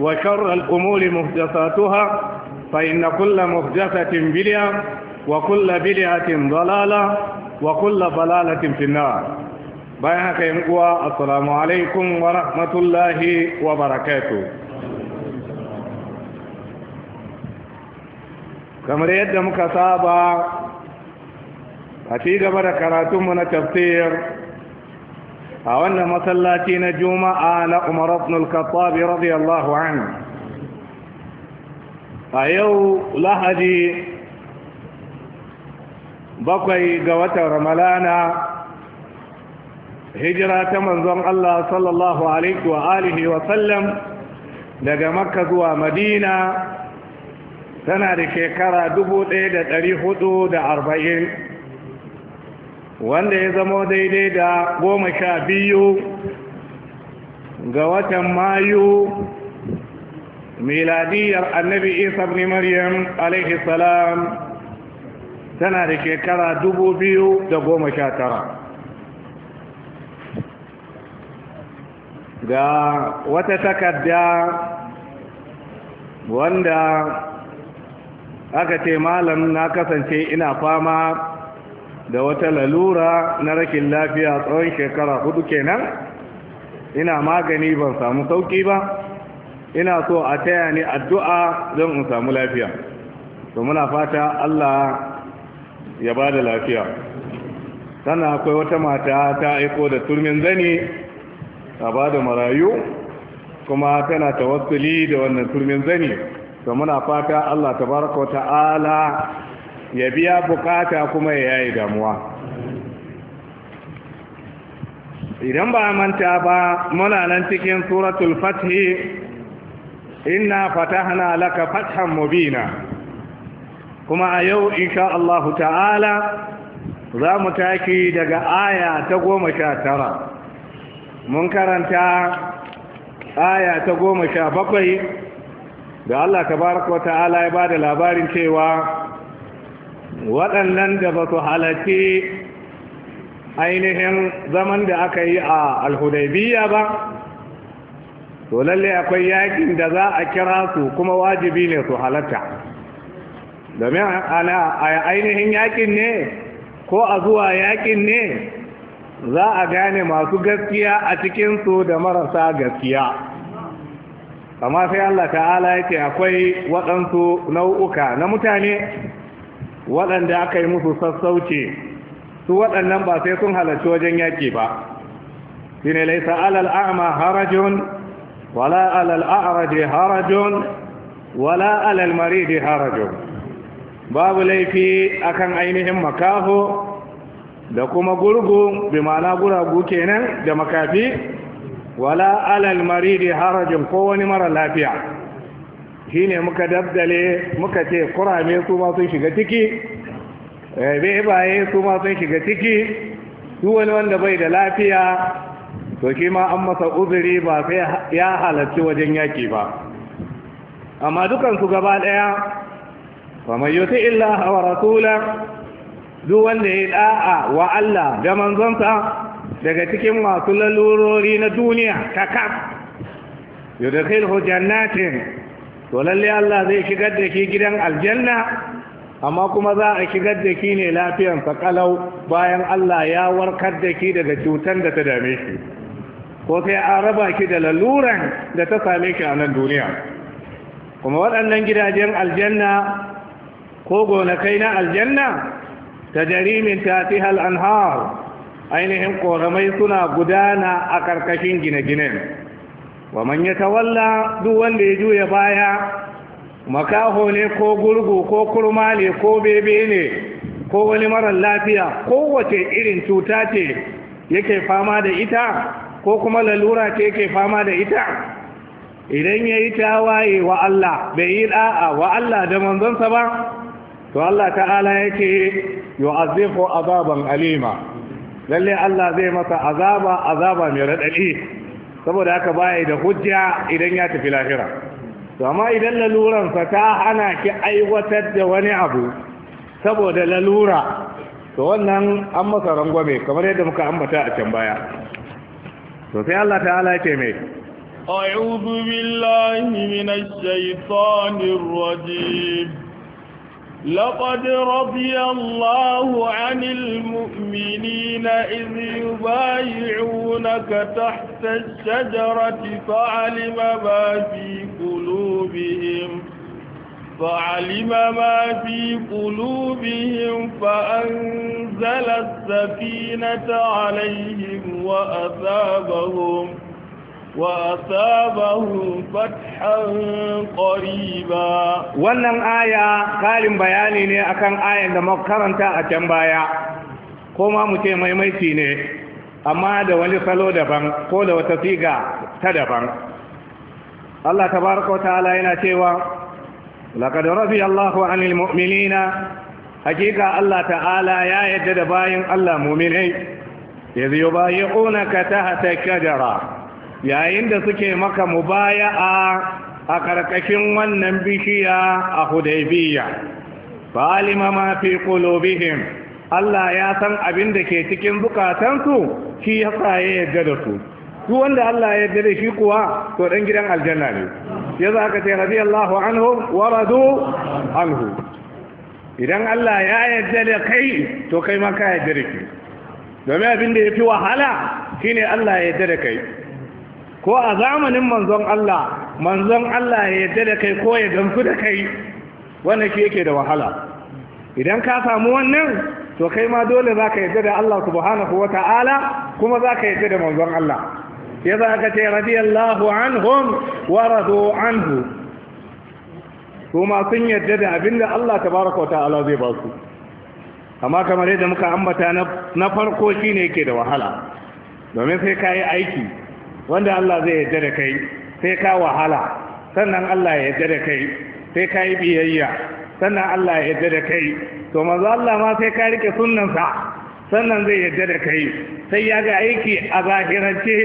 وشر الأمور مهدساتها فإن كل مهدسة بدعة وكل بدعة ضلالة وكل ضلالة في النار بيهك ينقوى السلام عليكم ورحمة الله وبركاته كما يدى مكسابة أتيجا بركاته من التفسير a wannan masallaci na juma'a na umar abnul khattabi radiyallahu an a yau lahadi bakwai ga watan ramalana hijira ta manzon Allah sallallahu alaihi wa alihi wa sallam daga makka zuwa madina tana da shekara 1440 wanda ya zama daidai da goma sha biyu ga watan mayu miladiyar annabi isa ibn maryam alaihi salam tana da shekara dubu biyu da goma sha tara ga wata takarda wanda aka ce malam na kasance ina fama da wata lalura na rakin lafiya tsawon shekara hudu kenan ina magani ban samu sauki ba ina so a taya ni addu'a don in samu lafiya to muna fata Allah ya bada lafiya sannan akwai wata mata ta aiko da turmin zani a ba marayu kuma tana tawassuli da wannan turmin zani to muna fata Allah tabaraka wa ta'ala ya biya bukata kuma ya yayi damuwa idan ba manta ba muna nan cikin suratul fathi inna fatahna laka fathan mubina kuma a yau insha Allah ta'ala za mu taki daga aya ta goma sha tara mun karanta aya ta goma sha bakwai da Allah tabaraka wa ta'ala ya ba da labarin cewa waɗannan da ba su halarci ainihin zaman da aka yi a alhudaibiya ba to lalle akwai yakin da za a kira su kuma wajibi ne su halarta. domin ana ainihin yakin ne ko a zuwa yakin ne za a gane masu gaskiya a cikinsu da marasa gaskiya Kama sai Allah ta'ala yake akwai waɗansu nau'uka na mutane waɗanda aka yi musu sassauce su waɗannan ba sai sun halarci wajen yaƙi ba shi ne laisa alal a'ma harajun wala alal a'raji harajun wala alal maridi harajun babu laifi akan ainihin makaho da kuma gurgu bi ma'ana guragu kenan da makafi wala alal maridi harajun ko wani mara lafiya ne muka dabdale muka ce kurame su ma sun shiga ciki eh, bebaye su ma sun shiga ciki Su wani wanda bai da lafiya to shi ma an masa uzuri ba sai ya halarci wajen yaki ba amma dukansu gaba ɗaya kamar yuti illa wa rasula duk wanda ya da'a wa Allah da manzonsa daga cikin masu lalurori na duniya ta kaf yudkhilhu jannatin to lalle Allah zai shigar da shi gidan aljanna amma kuma za a shigar da shi ne lafiyan kalau bayan Allah ya warkar da shi daga cutar da ta dame shi ko sai an raba ki da laluran da ta same shi a nan duniya kuma waɗannan gidajen aljanna ko gonakai na aljanna ta jarimin an har ainihin ƙoramai suna gudana a ƙarƙashin gine-ginen wa man yatawalla duk wanda ya juya baya makaho ne ko gurgu ko kurma ne ko bebe ne ko wani marar lafiya kowace irin cuta ce yake fama da ita ko kuma lalura ce yake fama da ita idan ya yi tawaye wa Allah bai yi da'a wa Allah da manzonsa ba to Allah ta'ala yake yu'azzifu azaban alima lalle Allah zai masa azaba azaba mai raɗaɗi. saboda haka baya da hujja idan ya tafi lahira to amma idan laluransa ta ana ki aiwatar da wani abu saboda lalura to wannan an masa rangwame kamar yadda muka ambata a can baya to sai Allah ta'ala ce mai a'udhu billahi minash shaitanir rajim لقد رضي الله عن المؤمنين إذ يبايعونك تحت الشجرة فعلم ما في قلوبهم فعلم ما في قلوبهم فأنزل السكينة عليهم وأثابهم وأثابهم فَتْحًا قَرِيبًا wannan aya kalin bayani ne akan ayan da makaranta a can baya ko ma mu ne amma da wani salo daban ko da wata siga ta daban Allah tabaraka wa ta'ala yana cewa laqad rafi Allahu 'anil mu'minina hakika Allah ta'ala ya yadda da bayin Allah mu'minai una yubayyi'unaka tahta shajara yayin da suke maka mubaya'a a karkashin wannan bishiya a hudaybiya balima ma fi qulubihim Allah ya san abin da ke cikin bukatansu shi ya sa ya yarda da su wanda Allah ya yarda da shi kuwa to dan gidan aljanna ne ya za ka ce radiyallahu anhu wa anhu idan Allah ya yarda da kai to kai ma ka yarda da shi domin abin da yafi wahala shine Allah ya yarda da kai ko a zamanin manzon Allah manzon Allah ya yadda da kai ko ya gamsu da kai wannan shi yake da wahala idan ka samu wannan to kai ma dole za ka yadda da Allah subhanahu wa ta'ala kuma za ka yadda da manzon Allah ya za ka ce radiyallahu anhum wa radu anhu kuma sun yadda da abinda Allah tabaraka wa ta'ala zai ba su amma kamar yadda muka ambata na farko shine yake da wahala domin sai ka yi aiki wanda Allah zai yarda da kai sai ka wahala sannan Allah ya da kai sai ka yi biyayya sannan Allah ya da kai to manzo Allah ma sai ka rike sunnansa sannan zai yarda da kai sai ya ga aiki a zahirance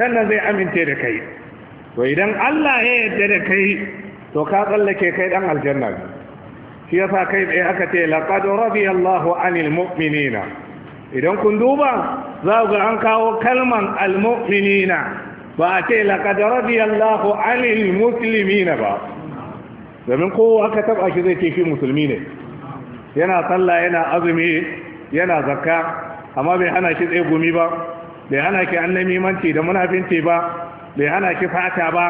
sannan zai amince da kai to idan Allah ya yarda da kai to ka tsallake kai dan aljanna shi yasa kai tsaye aka ce laqad radiyallahu anil mu'minina idan kun duba za ku an kawo kalman almu'minina ba a ce laqad radiyallahu 'anil muslimina ba domin kowa aka taba shi zai ce shi musulmi ne yana sallah yana azumi yana zakka amma bai hana shi tsaye gumi ba bai hana ki annabi manci da munafinci ba bai hana shi fata ba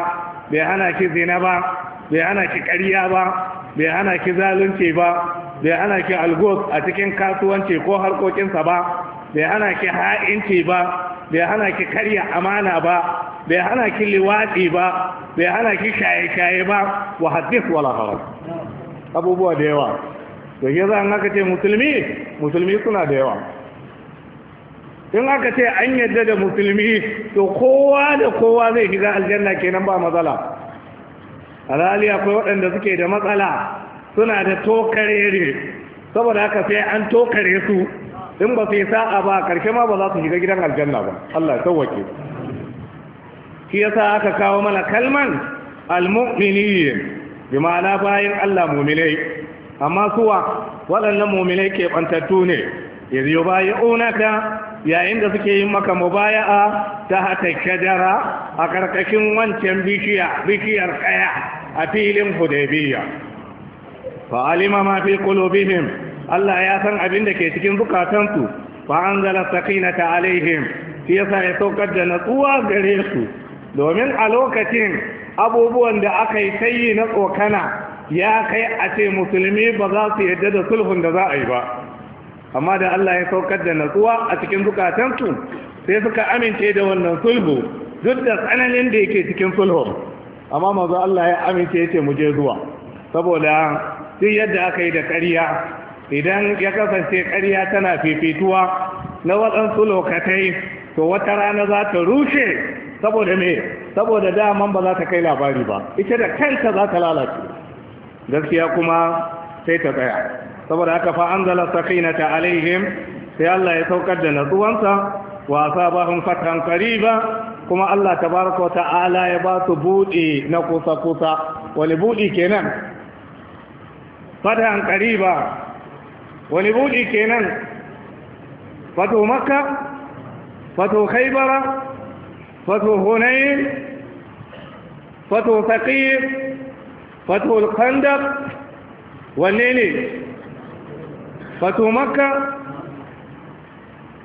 bai hana shi zina ba bai hana shi ƙarya ba bai hana shi zalunci ba bai ana ki algos a cikin kasuwanci ko harkokinsa ba bai ana ki ha'inci ba bai hana ki karya amana ba bai hana ki liwaɗi ba bai hana ki shaye-shaye ba wa haddis wala haram abubuwa da yawa da ke an aka ce musulmi musulmi suna da yawa in aka ce an yadda da musulmi to kowa da kowa zai shiga aljanna kenan ba matsala alhali akwai waɗanda suke da matsala suna da tokarere saboda haka sai an tokare su in ba yi sa'a ba karshe ma ba za su shiga gidan aljanna ba Allah ya sauwake shi yasa aka kawo mana kalman almu'minin bi ma'ana Allah mu'minai amma suwa waɗannan mu'minai ke bantattu ne ya yau bayi unaka yayin da suke yin maka mubaya'a ta hata shajara a karkashin wancan bishiya bishiyar kaya a filin hudabiya. fa alima ma fi qulubihim Allah ya san abin da ke cikin zukatansu fa anzala sakinata alaihim shi yasa ya saukar da natsuwa gare su domin a lokacin abubuwan da aka yi tayi na tsokana ya kai a ce musulmi ba za su yadda da sulhun da za a yi ba amma da Allah ya saukar da natsuwa a cikin zukatansu sai suka amince da wannan sulhu duk da tsananin da yake cikin sulhu amma mazu Allah ya amince ya ce mu je zuwa saboda duk yadda aka yi da ƙarya idan ya kasance ƙarya tana fifituwa na waɗansu lokatai to wata rana za ta rushe saboda me saboda daman ba za ta kai labari ba ita da kanta za ta lalace gaskiya kuma sai ta tsaya saboda haka fa anzala sakinata alaihim sai Allah ya saukar da natsuwansa wasa asabahum fathan qariba kuma Allah tabaraka wa ta'ala ya ba su buɗe na kusa kusa wani buɗe kenan fatahan qariba wani buɗi kenan fato makka fato khaybara fato hunayn fato thaqif fato al-khandaq wanne ne fato makka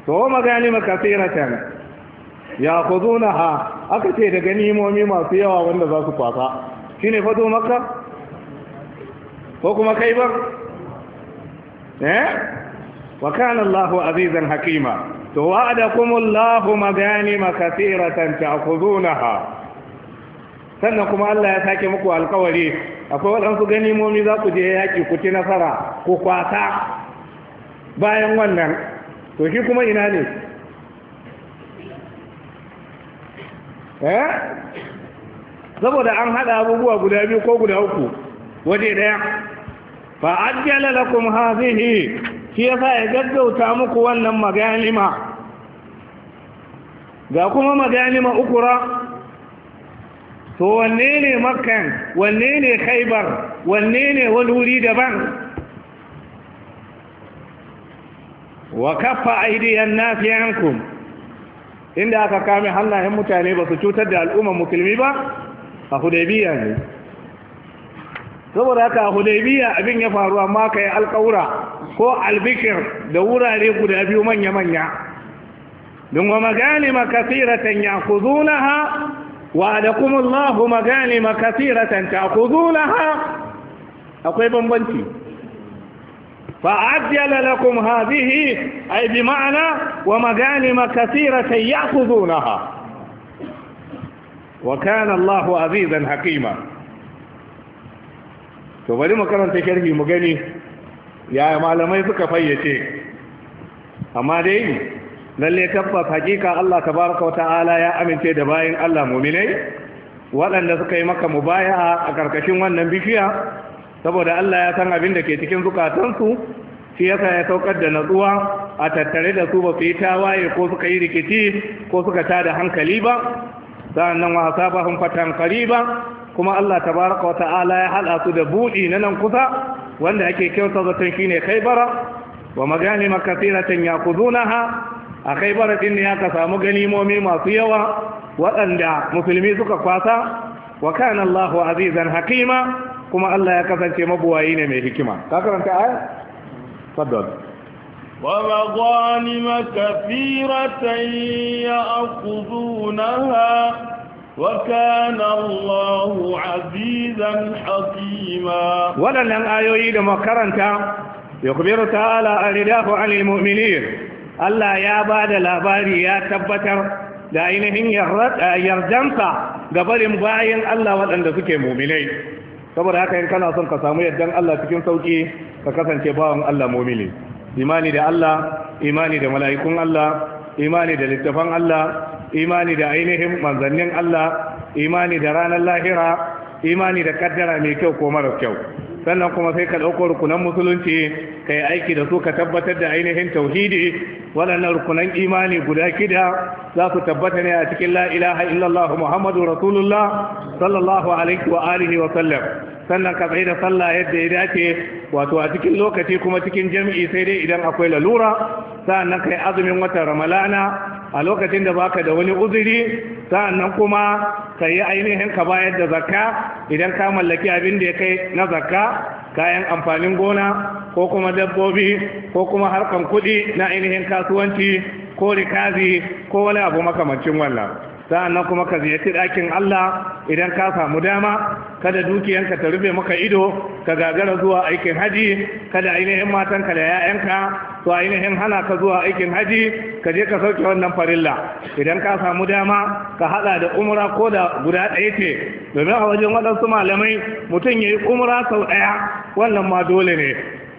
to magani makasiratan ya khudunaha aka ce da ganimomi masu yawa wanda za su kwasa shine fato makka ko kuma ba? eh wa kana Allahu azizan hakima to wa'adakum Allahu maganima katiratan ta'khudunaha sannan kuma Allah ya sake muku alkawari akwai waɗansu ganimomi za ku je yaƙi ku ci nasara ku kwasa bayan wannan to shi kuma ina ne eh saboda an haɗa abubuwa guda biyu ko guda uku waje ɗaya Ba ajjala lakum hadhihi shi yasa ya gaggauta muku wannan maganima ga kuma maganima ukura to wanne ne makkan wanne ne khaibar wanne ne wani daban wa kaffa aidiyan nasi inda aka kame hannayen mutane ba su cutar da al'ummar musulmi ba a hudaybiya ne saboda haka hudaybiya abin ya faru amma ka yi alƙaura ko albikir da wurare guda biyu manya-manya don wa magalima kasiratan yakuzunaha wa da kuma adakum Allah magalima kasiratan takuzunaha akwai bambanci fa'ajjala lakum hadhihi ay bi ma'ana wa magalima kasiratan yakuzunaha wa kana Allah azizan hakima to bari mu karanta sharhi mu gani ya malamai suka fayyace amma dai lalle tabbas hakika Allah tabaraka wata'ala ya amince da bayin Allah mu'minai waɗanda suka yi maka mubaya'a a karkashin wannan bishiya saboda Allah ya san abin da ke cikin zukatansu shi yasa ya saukar da natsuwa a tattare da su ba su yi tawaye ko suka yi rikici ko suka tada hankali ba sa'annan wa asabahum fatan qariba kuma Allah tabaraka wata'ala ya hada su da buɗi na nan kusa wanda ake kyauta zaton shine Khaybara wa maganima katiratan yakuzunaha a Khaybara din ne aka samu ganimomi masu yawa waɗanda musulmi suka kwasa wa kana Allahu azizan hakima kuma Allah ya kasance mabuwayi ne mai hikima ka karanta aya faddal ومغانم كثيرة يأخذونها وكان الله ayoyi da makaranta, آيوي دم كرنتا يخبر تعالى عن الله ya المؤمنين da يا بعد الأباري يا تبتر دائنهم يرجمتا gabarin bayan Allah waɗanda suke muminai saboda haka in kana son ka samu yaddan Allah cikin sauki ka kasance bawan Allah mumini imani da Allah imani da mala'ikun Allah imani da littafan Allah imani da ainihin manzannin Allah imani da ranar lahira imani da kaddara mai kyau ko mara kyau sannan kuma sai ka ɗauko rukunan musulunci ka yi aiki da su ka tabbatar da ainihin tauhidi waɗannan rukunan imani guda kida za su tabbata ne a cikin la ilaha illallah muhammadu rasulullah sallallahu alaihi wa alihi wa sallam sannan ka tsaye da sallah yadda ya dace wato a cikin lokaci kuma cikin jami'i sai dai idan akwai lalura sannan ka yi azumin watan ramalana a lokacin da baka da wani uzuri nan kuma ka yi ainihin ka bayar da zakka idan ka mallaki abin da ya kai na zakka kayan amfanin gona ko kuma dabbobi ko kuma harkan kuɗi na ainihin kasuwanci ko rikazi ko wani abu makamancin wannan sa'annan kuma ka ziyarci ɗakin Allah idan ka samu dama kada dukiyanka ta rufe maka ido ka gagara zuwa aikin haji kada ainihin matanka da 'ya'yanka to ainihin hana ka zuwa aikin haji ka je ka sauke wannan farilla idan ka samu dama ka haɗa da umra ko da guda ɗaya ce domin a wajen waɗansu malamai mutum ya yi umra sau ɗaya wannan ma dole ne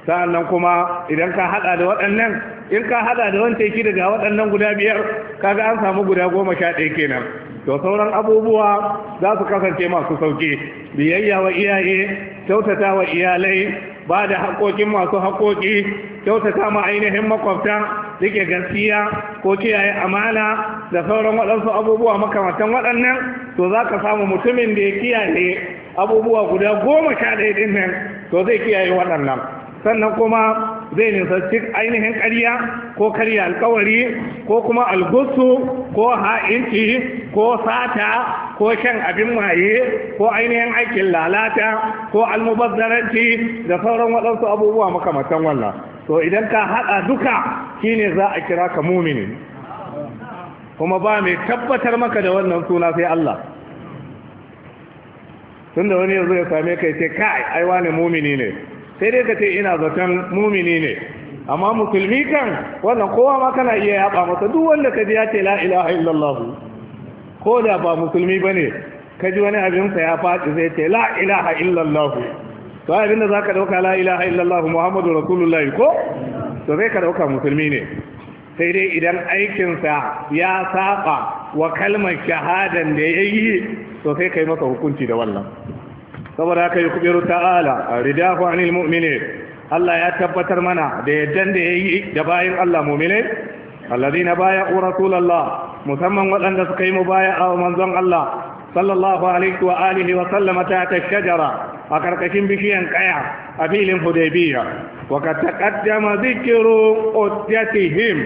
Sa'an nan kuma idan ka hada da waɗannan in ka hada da wancan shi daga waɗannan guda biyar kaga an samu guda goma sha ɗaya kenan to sauran abubuwa za su kasance masu sauki biyayya wa iyaye kyautata wa iyalai ba da haƙoƙin masu haƙoƙi kyautata ma ainihin makwabta rike gaskiya ko kiyaye amana da sauran waɗansu abubuwa makamantan waɗannan to za ka samu mutumin da ya kiyaye abubuwa guda goma sha ɗaya ɗin nan to zai kiyaye waɗannan sannan kuma zai cik ainihin ƙarya ko karya alkawari ko kuma algusu ko ha'inci ko sata ko shan abin maye ko ainihin aikin lalata ko almubazzaranci da sauran waɗansu abubuwa makamatan wannan to idan ka haɗa duka shine za a kira ka mumini kuma ba mai tabbatar maka da wannan suna sai Allah tunda wani yanzu ya same kai ce kai ai wani mumini ne sai dai ka ce ina zaton mumini ne amma musulmi kan wannan kowa ma kana iya yaba masa duk wanda ka ji ya ce la ilaha illallah ko da ba musulmi bane ka ji wani abin sa ya faɗi zai ce la ilaha illallah to abin da zaka dauka la ilaha illallah muhammadu rasulullahi ko to sai ka dauka musulmi ne sai dai idan aikinsa ya saba wa kalmar shahadan da yayi yi to sai kai masa hukunci da wannan saboda haka yi kubiru ta'ala ridahu anil mu'mini Allah ya tabbatar mana da yaddan da yayi da bayin Allah mu'mini alladhina baya'u rasulallah musamman waɗanda suka yi baya wa manzon Allah sallallahu alaihi wa alihi wa sallama ta ta shajara a karkashin bishiyan kaya a filin hudaybiya wa kad taqaddama dhikru uddatihim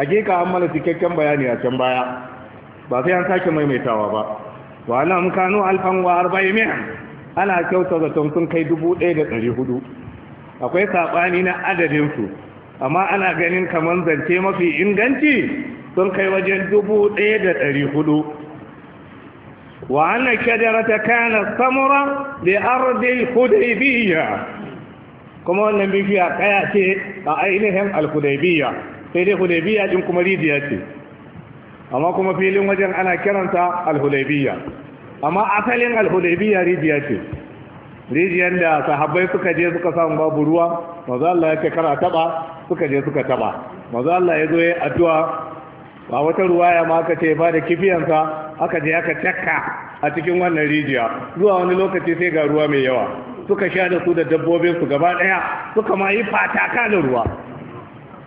hakika an cikakken bayani a can baya ba sai an sake maimaitawa ba wa annahum kanu alfan wa arba'imi'a ana kyauta zaton sun kai dubu ɗaya da ɗari hudu akwai saɓani na adadinsu amma ana ganin kamar zance mafi inganci sun kai wajen dubu ɗaya da ɗari hudu wa annan shajara ta kana samura da ardil hudaybiyya kuma wannan bishiya kaya ce a ainihin al sai dai hudaybiyya ɗin kuma rijiya ce amma kuma filin wajen ana kiranta al amma asalin alhudaybiya rijiya ce rijiyar da sahabbai suka je suka samu babu ruwa maza Allah ya kekara taba suka je suka taba maza Allah ya zo ya addu'a ba wata ruwaya ma aka ce ba da kifiyansa aka je aka cakka a cikin wannan rijiya zuwa wani lokaci sai ga ruwa mai yawa suka sha da su da dabbobin su gaba daya suka ma yi fataka da ruwa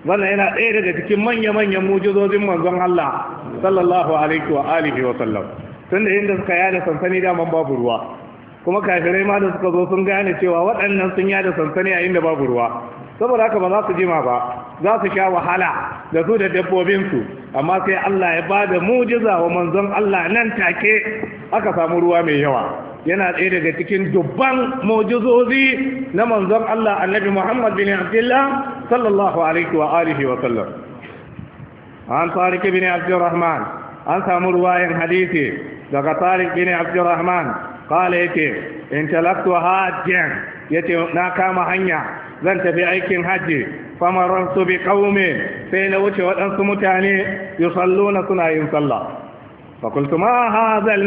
wannan yana ɗaya daga cikin manya-manyan mujizozin manzon Allah sallallahu alaihi wa alihi wa sallam tunda inda suka yada sansani daman babu ruwa kuma kafirai ma da suka zo sun gane cewa waɗannan sun yada sansani a inda babu ruwa saboda haka ba za su jima ba za su sha wahala da su da dabbobinsu amma sai Allah ya ba da mujiza wa manzon Allah nan take aka samu ruwa mai yawa yana ɗaya daga cikin dubban mujizozi na manzon Allah annabi Muhammad bin Abdullah sallallahu alaihi wa alihi wa sallam an tariq Abdurrahman an samu ruwayan hadisi daga tsarin bin abdurrahman kala yake in talaktu yace na kama hanya zan tafi aikin hajji su bi kaume, sai na wuce waɗansu mutane yusalluna suna yin sallah fa ma hadha al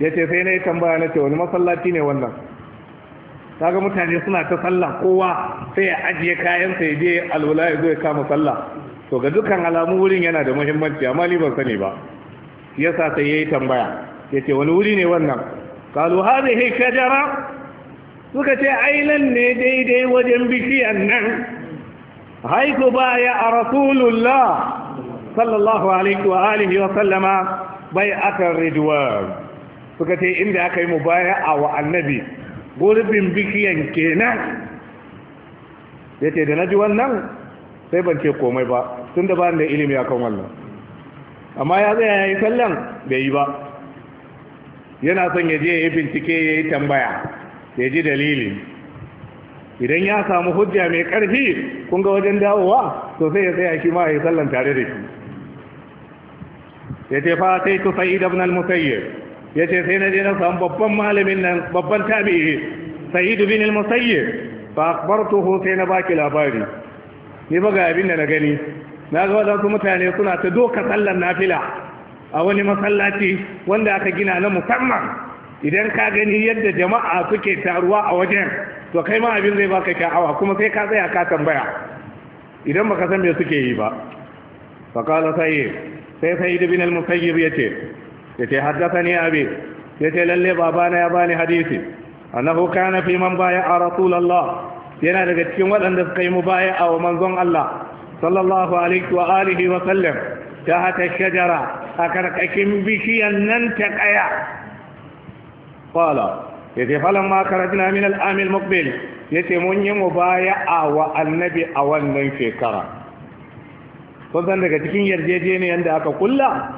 yace sai na yi tambaya na ce wani masallaci ne wannan kaga mutane suna ta sallah kowa sai ya ajiye kayan sai je alwala ya zo ya kama sallah to ga dukkan alamu wurin yana da muhimmanci amma ni ban sani ba yasa sai yayi tambaya yace wani wuri ne wannan qalu hadhihi shajara suka ce ailan ne daidai wajen bishiyan nan haiku baya a rasulullah sallallahu alaihi wa alihi wa sallama bai akan ridwan suka ce inda aka yi mu baya a wa annabi gurbin bishiyan kenan yace da naji wannan sai ban ce komai ba tun da ba da ilimi kan wannan amma ya tsaya ya yi sallan bai yi ba yana son ya je ya bincike ya yi tambaya ya ji dalili idan ya samu hujja mai ƙarfi kun ga wajen dawowa to sai ya tsaya shi ma ya yi sallan tare da shi ya ce fa sai tu sai ibn al-musayyib ya ce sai na je na samu babban malamin nan babban tabi'i sai ibn al-musayyib fa akhbartuhu sai na baki labari ni ba ga abin da na gani na ga wadansu mutane suna ta doka sallar nafila a wani masallaci wanda aka gina na musamman idan ka gani yadda jama'a suke taruwa a wajen to kai ma abin zai baka sha'awa kuma sai ka tsaya ka tambaya idan baka san me suke yi ba faqala sayyid sai sayyid bin al-musayyib yace yace haddathani abi yace lalle babana ya bani hadisi annahu kana fi man baya rasulullah yana daga cikin waɗanda suka yi a wa manzon Allah sallallahu alaihi wa alihi wa sallam ta hata shajara a karkashin bishiyan nan ta kaya qala yace falan ma karajna min al-am ya ce mun yi a wa annabi a wannan shekara kun daga cikin yarjejeniyar da aka kulla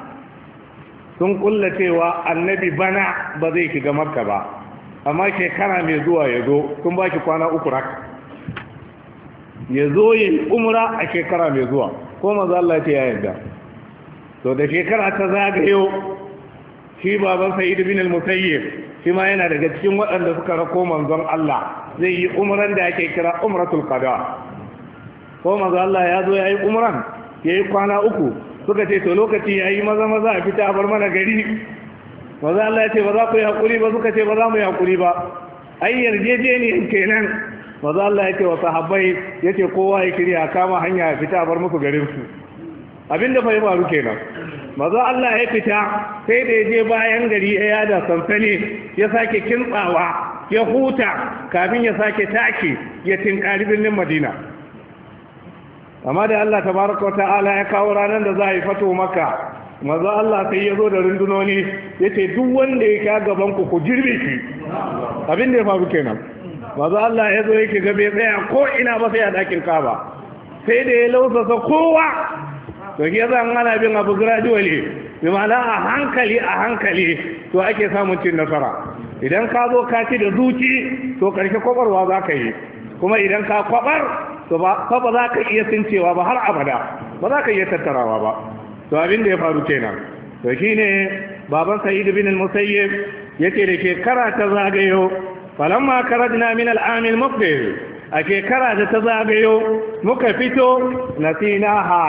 sun kulla cewa annabi bana ba zai shiga makka ba amma shekara mai zuwa ya zo sun ba shi kwana uku rak ya zo yi umra a shekara mai zuwa ko maza Allah ce ya yarda to da shekara ta zagayo shi baban sa'id bin al-musayyib shi ma yana daga cikin waɗanda suka rako manzon Allah zai yi umran da ake kira umratul qada ko maza Allah ya zo ya yi umran ya yi kwana uku suka ce to lokaci ya yi maza maza a fita a bar mana gari maza Allah ya ce ba za ku yi hakuri ba suka ce ba za mu yi hakuri ba ai yarjejeniyan kenan maza Allah yake wa sahabbai yake kowa ya kirya kama hanya ya fita bar muku garin su abinda fa ya faru kenan maza Allah ya fita sai da ya je bayan gari ya yada sansani ya sake kintsawa ya huta kafin ya sake taki ya tinkari birnin Madina amma da Allah tabaraka wa ta'ala ya kawo ranar da za a yi fato maka maza Allah sai ya zo da rundunoni ya ce duk wanda ya ka gaban ku ku jirbe shi abin da ya faru kenan mazu Allah ya zo yake bai tsaya ko ina ba sai a ɗakin kaba sai da ya lausasa kowa to ke zan ana bin abu gradually bi ma'ana a hankali a hankali to ake samun cin nasara idan ka zo ka ci da zuci to karshe kwabarwa za ka yi kuma idan ka kwabar to ba ba za ka iya tsincewa ba har abada ba za ka iya tattarawa ba to abin da ya faru kenan to ne baban sa'id bin al-musayyib yake da shekara ta zagayo falamma karajna min al'amil mafdil a shekara da ta zagayo muka fito na nasinaha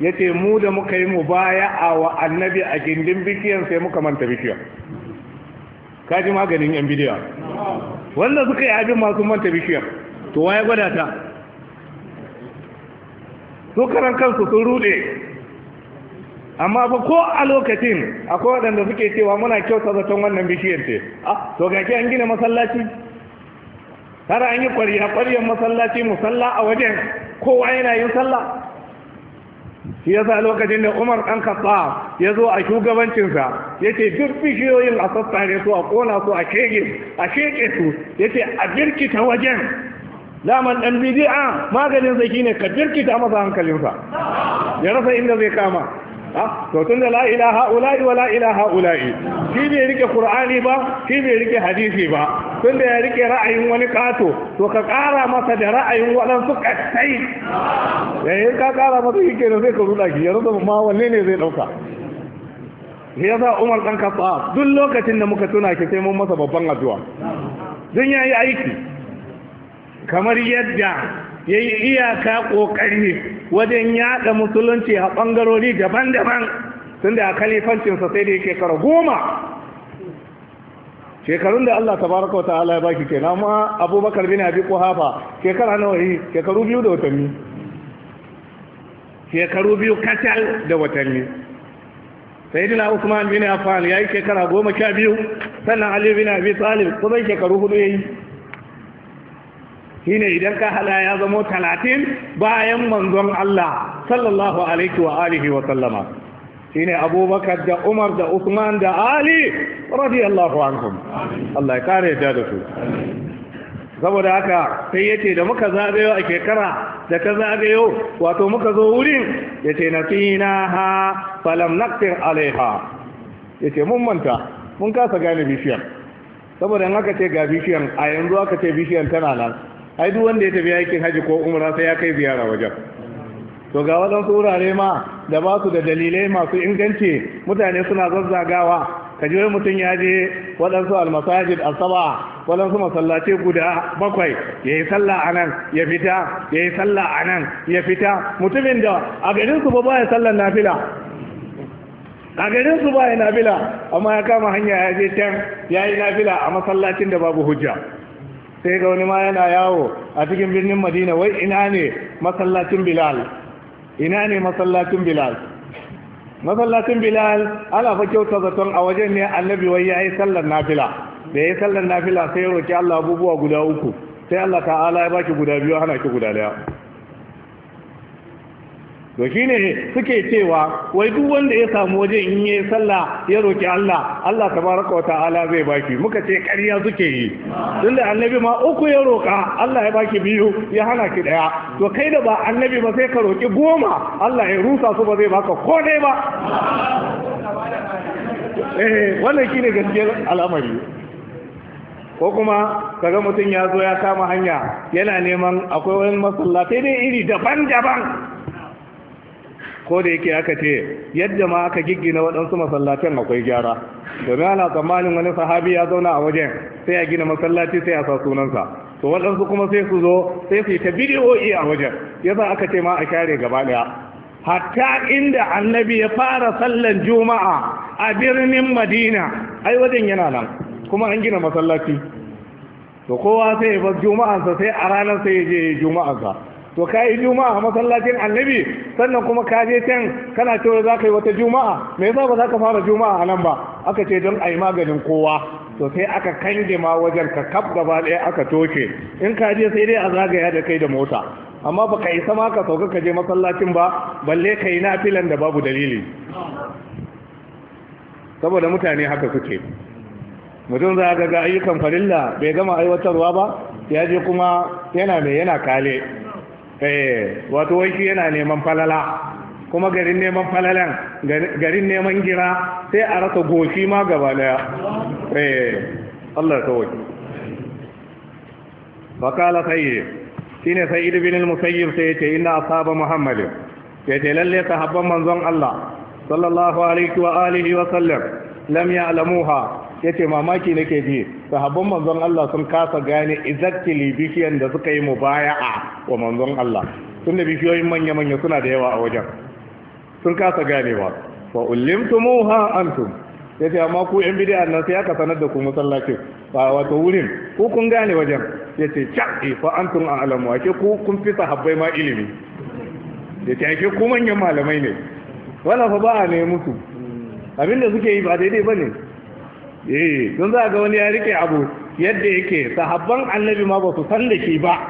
yace mu da muka yi mu baya a wa annabi a gindin bishiyar sai muka manta bikiyar kaji maganin yan bidiya wanda suka yi abin masu manta bikiyar to waye gwada ta su kansu sun rude amma fa ko a lokacin akwai waɗanda suke cewa muna kyauta zaton wannan bishiyar ce ah to ga an gina masallaci har an yi kwariya kwariyar masallaci musalla a wajen kowa yana yin sallah shi sa lokacin da umar ɗan kasa ya zo a shugabancinsa ya ce duk bishiyoyin a sassare su a ƙona su a shege a shege su ya ce a birkita wajen daman ɗan bidi'a maganin zaki ne ka birkita masa hankalinsa ya rasa inda zai kama to tun da la ilaha ula'i wa la ilaha ula'i shi bai rike qur'ani ba shi bai rike hadisi ba tun da ya rike ra'ayin wani kato to ka kara masa da ra'ayin waɗansu kasai yayin eh, ka kara masa yake ne sai ka ruda ki yanzu ma wanne ne zai dauka shi yasa Umar dan Khattab duk lokacin da muka tuna ki sai mun masa babban addu'a dun yayi aiki kamar yadda ya yi iyaka ƙoƙari wajen yaɗa musulunci a ɓangarori daban-daban tun da kalifancinsa sai da yake kara goma shekarun da Allah tabaraka wa ta'ala ya baki kenan amma Abubakar bin Abi Quhafa shekara nawa yi shekaru biyu da watanni shekaru biyu kacal da watanni dina Usman bin Affan yi shekara goma sha biyu sannan Ali bin Abi Talib kuma shekaru hudu yi? shine idan ka hada ya zamo talatin bayan manzon Allah sallallahu alaihi wa alihi wa sallama shine abubakar da umar da usman da ali radiyallahu anhum Allah ya kare da su saboda haka sai yace da muka zabe a kekara da ka zagayo wato muka zo wurin yace nasina ha falam naqtir alaiha yace mun manta mun kasa gane bishiyar saboda in aka ce ga bishiyar a yanzu aka ce bishiyar tana nan ai duk wanda ya tafi aikin haji ko umra sai ya kai ziyara wajen to ga waɗansu wurare ma da ba su da dalilai masu inganci mutane suna zazzagawa ka ji mutum ya je waɗansu almasajid asaba waɗansu masallaci guda bakwai ya yi sallah a nan ya fita ya yi sallah a nan ya fita mutumin da a garinsu ba ya sallar nafila a garinsu ba ya nafila amma ya kama hanya ya je can ya yi nafila a masallacin da babu hujja sai ga wani ma yana yawo a cikin birnin madina wai ina ne masallacin bilal ina ne masallacin bilal masallacin bilal ala fa kyauta zaton a wajen ne annabi wai ya yi sallar nafila da ya sallar nafila sai ya roki allah abubuwa guda uku sai allah ta'ala ya baki guda biyu hana ki guda daya to shi ne suke cewa wai duk wanda ya samu waje in yi sallah ya roki Allah Allah wata ala zai baki muka ce ƙarya suke yi tunda annabi ma uku ya roka Allah ya baki biyu ya hana ki daya to kai da ba annabi ba sai ka roki goma Allah ya rusa su ba zai baka ko dai ba eh wannan shine gaskiyar al'amari ko kuma kaga mutum ya zo ya kama hanya yana neman akwai wani masallatai dai iri daban-daban ko da yake aka ce yadda ma aka giggina waɗansu masallacin akwai gyara domin ana tsammanin wani sahabi ya zauna a wajen sai a gina masallaci sai a sa sunansa to waɗansu kuma sai su zo sai su yi ta bidiyoyi a wajen yasa aka ce ma a share gaba ɗaya hatta inda annabi ya fara sallan juma'a a birnin madina ai wajen yana nan kuma an gina masallaci to kowa sai ya bar juma'arsa sai a ranar sai ya je juma'arsa to ka yi juma'a a masallacin annabi sannan kuma ka je can kana cewa za ka yi wata juma'a me yasa ba za ka fara juma'a a nan ba aka ce don a yi maganin kowa to sai aka kange ma wajen ka kaf gaba ɗaya aka toke in ka je sai dai a zagaya da kai da mota amma ba ka isa ma ka sauka ka je masallacin ba balle ka yi nafilan da babu dalili saboda mutane haka suke mutum za ga ayyukan farilla bai gama aiwatarwa ba ya je kuma yana mai yana kale eh wato wai shi yana neman falala kuma garin neman falalan garin neman gira sai a rasa goshi ma gaba daya eh Allah kawai fakala sayyid shine sayyid bin al-musayyib sai yace inna asaba muhammad ce lalle sahabban manzon Allah sallallahu alaihi wa alihi wa sallam lam ya'lamuha Ya ce mamaki nake ji sahabban manzon Allah sun kasa gane exactly bishiyan da suka yi mubaya'a wa manzon Allah tun da bishiyoyin manya manya suna da yawa a wajen sun kasa gane wa fa ullimtumuha antum ce amma ku yan bid'a nan sai aka sanar da ku masallacin ba wato wurin ku kun gane wajen Ya ce cha'i eh, fa antum a'lamu ake ku kun fi sahabbai ma ilimi Ya ce ake ku manyan malamai ne wala fa ba ne musu abinda suke yi ba daidai bane eh don za ga wani ya rike abu yadda yake sahabban annabi ma ba su san da shi ba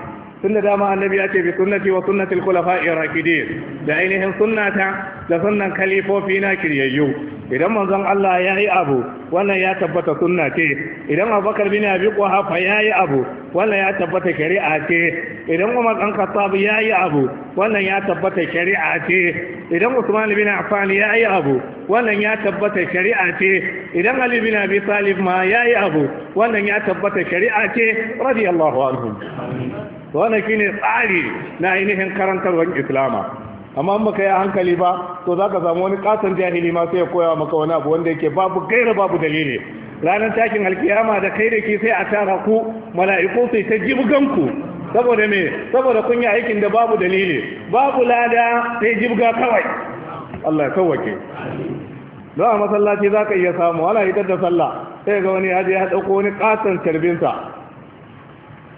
tunda dama annabi ya ce bi sunnati wa sunnatil khulafa'i rakidin da ainihin sunnata da sunnan kalifofi na kiryayyu idan manzon Allah ya yi abu wannan ya tabbata sunna ce idan Abubakar bin Abi Quhafa ya yi abu wannan ya tabbata shari'a ce idan Umar dan Khattab ya yi abu wannan ya tabbata shari'a ce idan Usman bin Affan ya yi abu wannan ya tabbata shari'a ce idan Ali bin Abi Talib ma ya yi abu wannan ya tabbata shari'a ce radiyallahu anhu to wannan shine tsari na ainihin karantarwar islama amma in baka yi hankali ba to za ka samu wani katon jahili ma sai ya koya maka wani abu wanda yake babu gaira babu dalili ranar takin alkiyama da kai da ke sai a tara ku mala'iku sai ta ku saboda me saboda kun yi aikin da babu dalili babu lada sai jibga kawai Allah ya sauwake don a masallaci za ka iya samu ana hitar da sallah sai ga wani ya ya dauko wani kasan tarbinsa.